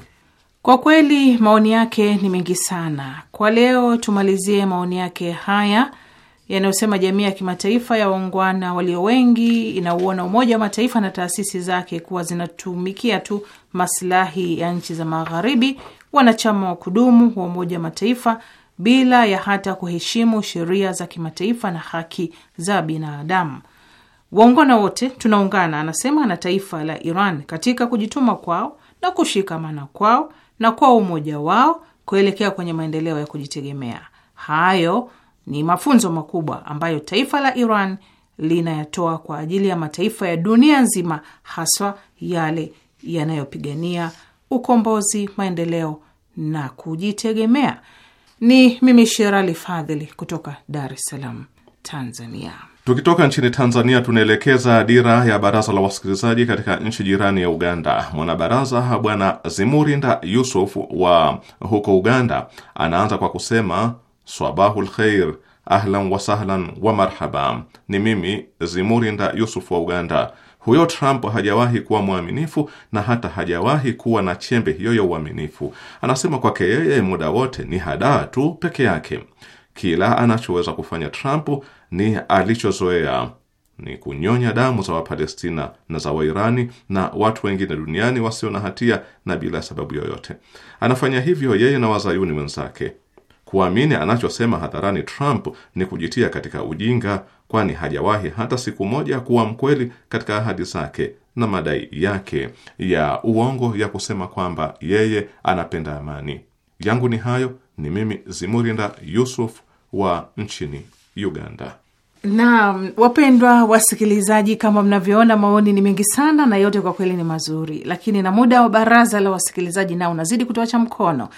Kwa kweli maoni yake ni mengi sana. Kwa leo tumalizie maoni yake haya yanayosema jamii ya kimataifa ya waungwana walio wengi inauona Umoja wa Mataifa na taasisi zake kuwa zinatumikia tu maslahi ya nchi za magharibi, wanachama wa kudumu wa Umoja wa Mataifa, bila ya hata kuheshimu sheria za kimataifa na haki za binadamu. Waungwana wote tunaungana, anasema, na taifa la Iran katika kujituma kwao na kushikamana kwao na kwa umoja wao kuelekea kwenye maendeleo ya kujitegemea. Hayo ni mafunzo makubwa ambayo taifa la Iran linayatoa kwa ajili ya mataifa ya dunia nzima, haswa yale yanayopigania ukombozi, maendeleo na kujitegemea. Ni mimi Sherali Fadhili kutoka Dar es Salaam, Tanzania. Tukitoka nchini Tanzania tunaelekeza dira ya baraza la wasikilizaji katika nchi jirani ya Uganda. Mwanabaraza Bwana Zimurinda Yusuf wa huko Uganda anaanza kwa kusema swabahul khair, ahlan wa sahlan wa marhaba. Ni mimi Zimurinda Yusuf wa Uganda. Huyo Trump hajawahi kuwa mwaminifu na hata hajawahi kuwa na chembe hiyo ya uaminifu. Anasema kwake yeye muda wote ni hadaa tu peke yake kila anachoweza kufanya Trump ni alichozoea ni kunyonya damu za Wapalestina na za Wairani na watu wengine duniani wasio na hatia na bila sababu yoyote. Anafanya hivyo yeye na wazayuni wenzake. Kuamini anachosema hadharani Trump ni kujitia katika ujinga, kwani hajawahi hata siku moja kuwa mkweli katika ahadi zake na madai yake ya uongo ya kusema kwamba yeye anapenda amani. Yangu ni hayo. Ni mimi Zimurinda Yusuf wa nchini Uganda. Naam, wapendwa wasikilizaji, kama mnavyoona maoni ni mengi sana, na yote kwa kweli ni mazuri, lakini na muda wa baraza la wasikilizaji nao unazidi kutoacha mkono.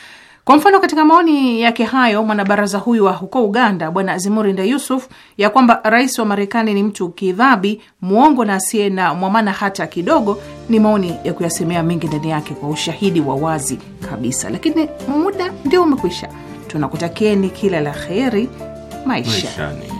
Kwa mfano katika maoni yake hayo, mwanabaraza huyu wa huko Uganda, Bwana Zimurinda Yusuf, ya kwamba rais wa Marekani ni mtu kidhabi, mwongo na asiye na mwamana hata kidogo, ni maoni ya kuyasemea mengi ndani yake kwa ushahidi wa wazi kabisa, lakini muda ndio umekwisha tunakutakieni kila la kheri maishani.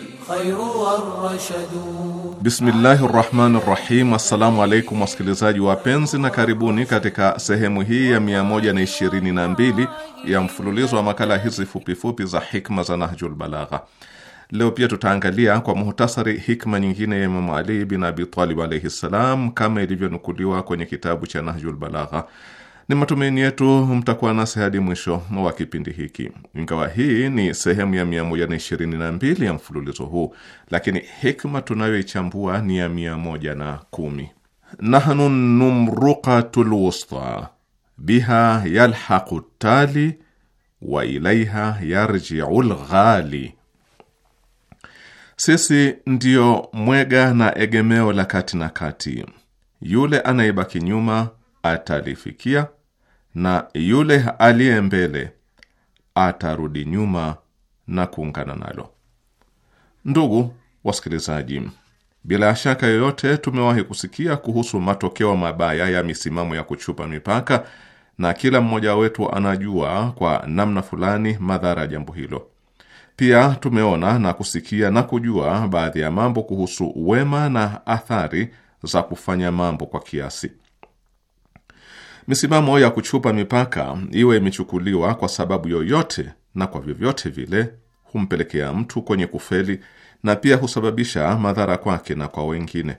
Bismillahi rahmani rahim. Assalamu alaikum wasikilizaji wapenzi, na karibuni katika sehemu hii ya 122 ya mfululizo wa makala hizi fupifupi za hikma za Nahjul Balagha. Leo pia tutaangalia kwa muhtasari hikma nyingine ya Imamu Ali bin Abi Talib alaihi ssalam, kama ilivyonukuliwa kwenye kitabu cha Nahjul Balagha. Ni matumaini yetu mtakuwa nasi hadi mwisho wa kipindi hiki. Ingawa hii ni sehemu ya 122 ya mfululizo huu, lakini hikma tunayoichambua ni ya 110. Nahnu numruqatu lwusta biha yalhaqu tali wa ilaiha yarjiu lghali, sisi ndiyo mwega na egemeo la kati na kati, yule anayebaki nyuma atalifikia na yule aliye mbele atarudi nyuma na kuungana nalo. Ndugu wasikilizaji, bila shaka yoyote tumewahi kusikia kuhusu matokeo mabaya ya misimamo ya kuchupa mipaka, na kila mmoja wetu anajua kwa namna fulani madhara ya jambo hilo. Pia tumeona na kusikia na kujua baadhi ya mambo kuhusu wema na athari za kufanya mambo kwa kiasi. Misimamo ya kuchupa mipaka iwe imechukuliwa kwa sababu yoyote na kwa vyovyote vile humpelekea mtu kwenye kufeli na pia husababisha madhara kwake na kwa wengine.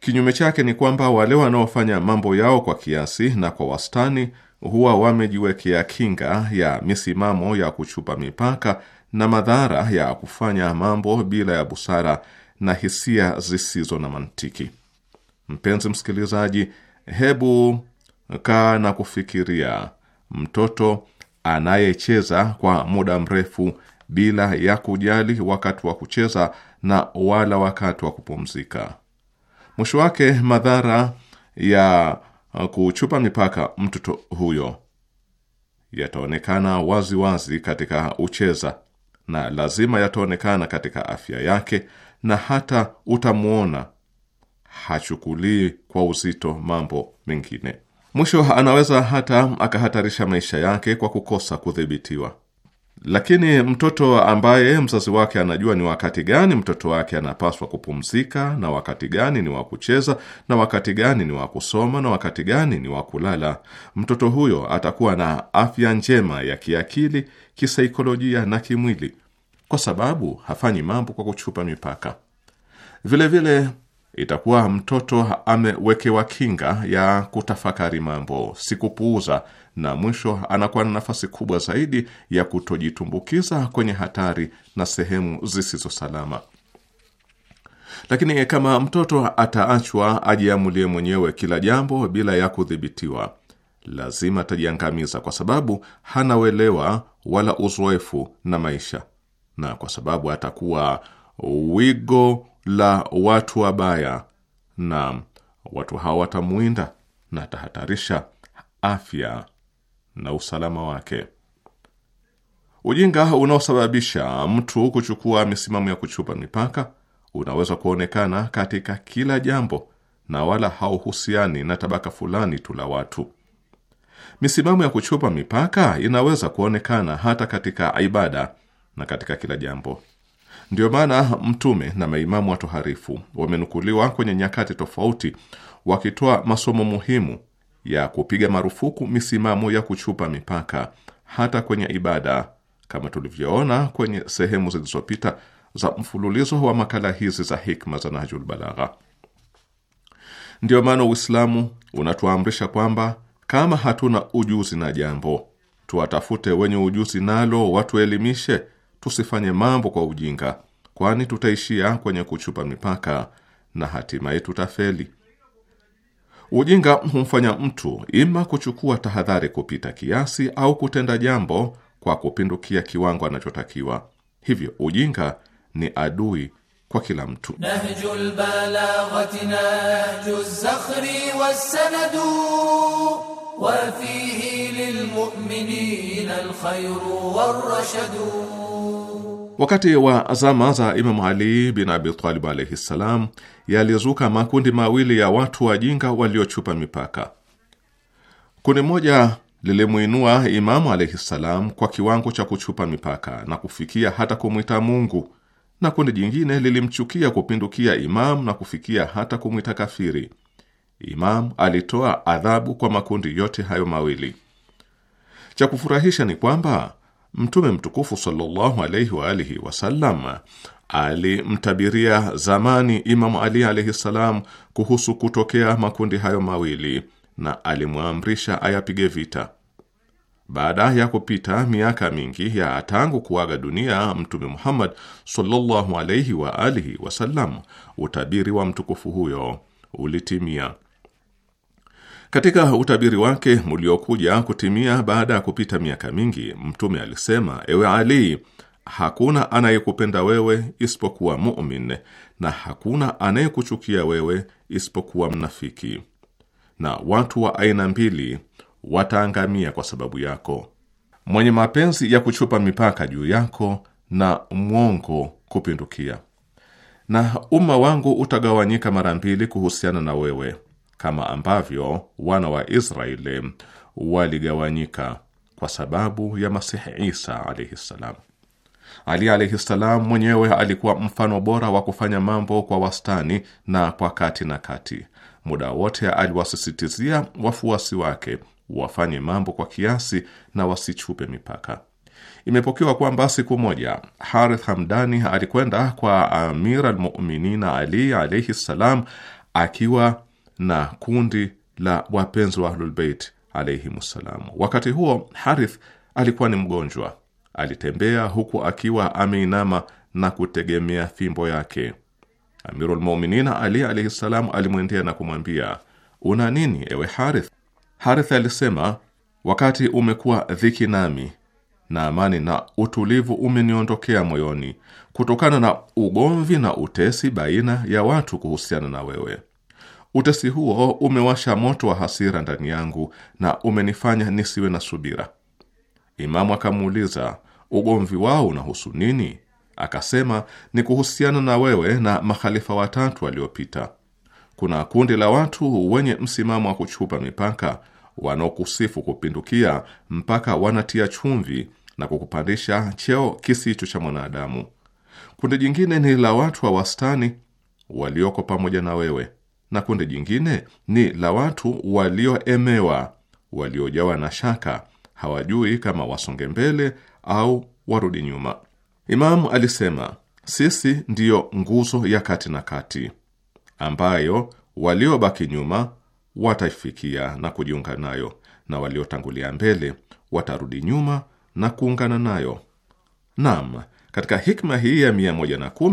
Kinyume chake ni kwamba wale wanaofanya mambo yao kwa kiasi na kwa wastani huwa wamejiwekea kinga ya misimamo ya kuchupa mipaka na madhara ya kufanya mambo bila ya busara na hisia zisizo na mantiki. Mpenzi msikilizaji, hebu Kaa na kufikiria mtoto anayecheza kwa muda mrefu bila ya kujali wakati wa kucheza na wala wakati wa kupumzika. Mwisho wake madhara ya uh, kuchupa mipaka mtoto huyo yataonekana wazi wazi katika ucheza, na lazima yataonekana katika afya yake, na hata utamwona hachukulii kwa uzito mambo mengine. Mwisho anaweza hata akahatarisha maisha yake kwa kukosa kudhibitiwa. Lakini mtoto ambaye mzazi wake anajua ni wakati gani mtoto wake anapaswa kupumzika na wakati gani ni wa kucheza na wakati gani ni wa kusoma na wakati gani ni wa kulala, mtoto huyo atakuwa na afya njema ya kiakili, kisaikolojia na kimwili, kwa sababu hafanyi mambo kwa kuchupa mipaka. Vilevile vile, itakuwa mtoto amewekewa kinga ya kutafakari mambo, si kupuuza, na mwisho anakuwa na nafasi kubwa zaidi ya kutojitumbukiza kwenye hatari na sehemu zisizo salama. Lakini kama mtoto ataachwa ajiamulie mwenyewe kila jambo bila ya kudhibitiwa, lazima atajiangamiza, kwa sababu hana uelewa wala uzoefu na maisha, na kwa sababu atakuwa wigo la watu wabaya na watu hawa watamwinda na atahatarisha afya na usalama wake. Ujinga unaosababisha mtu kuchukua misimamo ya kuchupa mipaka unaweza kuonekana katika kila jambo na wala hauhusiani na tabaka fulani tu la watu. Misimamo ya kuchupa mipaka inaweza kuonekana hata katika ibada na katika kila jambo. Ndiyo maana Mtume na maimamu watoharifu wamenukuliwa kwenye nyakati tofauti wakitoa masomo muhimu ya kupiga marufuku misimamo ya kuchupa mipaka hata kwenye ibada, kama tulivyoona kwenye sehemu zilizopita za mfululizo wa makala hizi za hikma za Nahjul Balagha. Ndiyo maana Uislamu unatuamrisha kwamba kama hatuna ujuzi na jambo, tuwatafute wenye ujuzi nalo watuelimishe tusifanye mambo kwa ujinga, kwani tutaishia kwenye kuchupa mipaka na hatimaye tutafeli. Ujinga humfanya mtu ima kuchukua tahadhari kupita kiasi au kutenda jambo kwa kupindukia kiwango anachotakiwa. Hivyo ujinga ni adui kwa kila mtu. wa fihi lilmu'minina alkhayru warashadu Wakati wa zama za Imamu Ali bin Abi Talib alaihi ssalam, yalizuka makundi mawili ya watu wajinga waliochupa mipaka. Kundi moja lilimuinua Imamu alaihi ssalam kwa kiwango cha kuchupa mipaka na kufikia hata kumwita Mungu, na kundi jingine lilimchukia kupindukia Imamu na kufikia hata kumwita kafiri. Imamu alitoa adhabu kwa makundi yote hayo mawili. Cha kufurahisha ni kwamba Mtume mtukufu sallallahu alaihi wa alihi wasallam alimtabiria zamani Imamu Ali alaihi salam kuhusu kutokea makundi hayo mawili na alimwamrisha ayapige vita. Baada ya kupita miaka mingi ya tangu kuaga dunia Mtume Muhammad sallallahu alaihi wa alihi wasallam, utabiri wa mtukufu huyo ulitimia. Katika utabiri wake mliokuja kutimia baada ya kupita miaka mingi, Mtume alisema: ewe Ali, hakuna anayekupenda wewe isipokuwa mumin, na hakuna anayekuchukia wewe isipokuwa mnafiki, na watu wa aina mbili wataangamia kwa sababu yako, mwenye mapenzi ya kuchupa mipaka juu yako na mwongo kupindukia, na umma wangu utagawanyika mara mbili kuhusiana na wewe kama ambavyo wana wa Israeli waligawanyika kwa sababu ya Masihi Isa alaihi ssalam. Ali alaihi ssalam mwenyewe alikuwa mfano bora wa kufanya mambo kwa wastani na kwa kati na kati. Muda wote aliwasisitizia wafuasi wake wafanye mambo kwa kiasi na wasichupe mipaka. Imepokewa kwamba siku moja Harith Hamdani alikwenda kwa Amir almuminina Ali alaihi ssalam akiwa na kundi la wapenzi wa Ahlulbeit alaihimussalamu. Wakati huo Harith alikuwa ni mgonjwa, alitembea huku akiwa ameinama na kutegemea fimbo yake. Amirul Mu'minin Ali alaihi alimwendea na kumwambia, una nini ewe Harith? Harith alisema, wakati umekuwa dhiki nami na amani na utulivu umeniondokea moyoni kutokana na ugomvi na utesi baina ya watu kuhusiana na wewe. Utesi huo umewasha moto wa hasira ndani yangu na umenifanya nisiwe na subira. Imamu akamuuliza, ugomvi wao unahusu nini? Akasema, ni kuhusiana na wewe na makhalifa watatu waliopita. Kuna kundi la watu wenye msimamo wa kuchupa mipaka, wanaokusifu kupindukia mpaka wanatia chumvi na kukupandisha cheo kisicho cha mwanadamu. Kundi jingine ni la watu wa wastani walioko pamoja na wewe na kundi jingine ni la watu walioemewa, waliojawa na shaka, hawajui kama wasonge mbele au warudi nyuma. Imamu alisema sisi ndiyo nguzo ya kati na kati ambayo waliobaki nyuma wataifikia na kujiunga nayo na waliotangulia mbele watarudi nyuma na kuungana nayo. Naam, katika hikma hii ya mia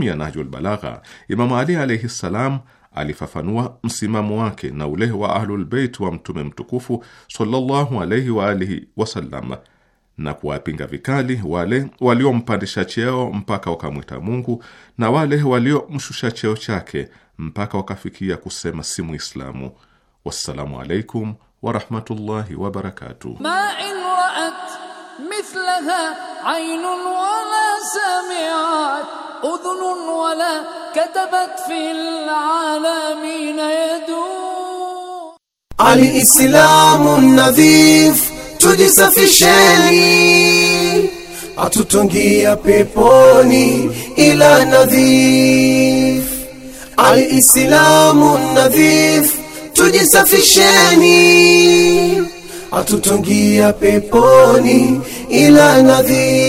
ya Nahjul Balagha, Imamu Ali alaihi ssalam alifafanua msimamo wake na ule wa Ahlulbeit wa Mtume mtukufu sallallahu alaihi wa alihi wasallam na kuwapinga vikali wale waliompandisha cheo mpaka wakamwita Mungu na wale waliomshusha cheo chake mpaka wakafikia kusema si Muislamu. Wassalamu alaikum warahmatullahi wabarakatuh. أذن ولا كتبت في العالمين يد الإسلام النظيف تجس في الشالي أتتنجي بيبوني إلى نظيف علي الإسلام النظيف تجس في الشالي أتتنجي بيبوني إلى نظيف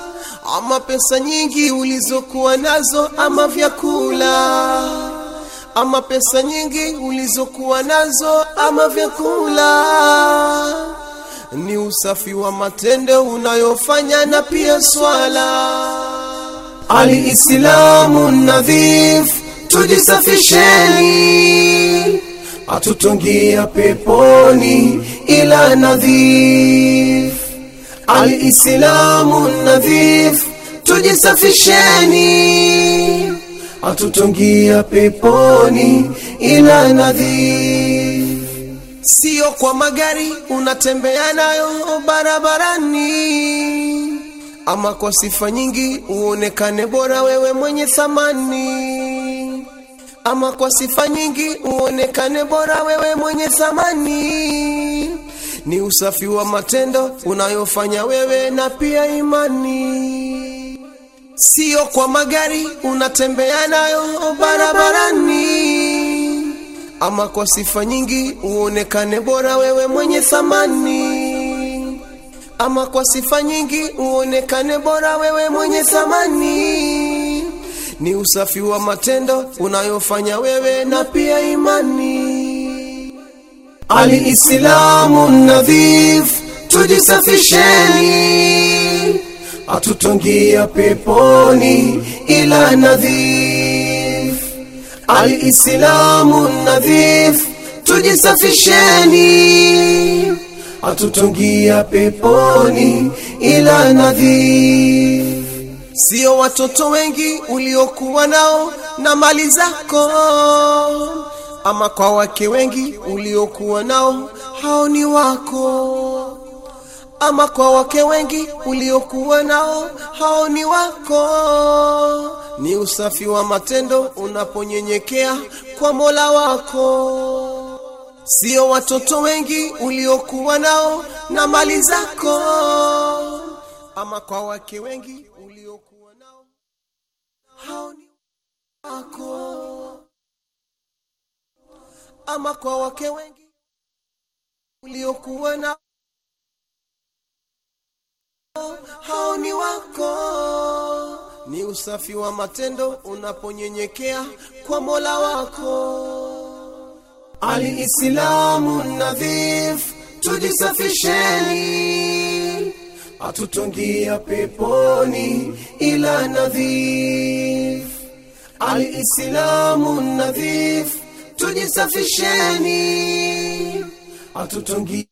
ama pesa nyingi ulizokuwa nazo ama vyakula ama pesa nyingi ulizokuwa nazo ama vyakula, ni usafi wa matendo unayofanya na pia swala. alislamu nadhif, tujisafisheni, atutungia peponi ila nadhif Alislamu nadhif, tujisafisheni, atutungia peponi ila nadhif. Sio kwa magari unatembea nayo barabarani, ama kwa sifa nyingi uonekane bora wewe mwenye thamani, ama kwa sifa nyingi uonekane bora wewe mwenye thamani ni usafi wa matendo unayofanya wewe na pia imani. Sio kwa magari unatembea nayo barabarani, ama kwa sifa nyingi uonekane bora wewe mwenye thamani, ama kwa sifa nyingi uonekane bora wewe mwenye thamani. Ni usafi wa matendo unayofanya wewe na pia imani. Ali Islamu nadhif, tujisafisheni, atutongia peponi ila nadhif. Ali Islamu nadhif, tujisafisheni, atutongia peponi ila nadhif. Sio watoto wengi uliokuwa nao na mali zako ama kwa wake wengi uliokuwa nao hao ni wako ama kwa wake wengi uliokuwa nao hao ni wako ni usafi wa matendo unaponyenyekea kwa Mola wako sio watoto wengi uliokuwa nao na mali zako ama kwa wake wengi uliokuwa nao hao ni wako ama kwa wake wengi uliokuwa na hao ni wako ni usafi wa matendo unaponyenyekea kwa mola wako alislamu nadhif tujisafisheni atutongia peponi ila nadhif alislamu nadhif tujisafisheni, hatutongi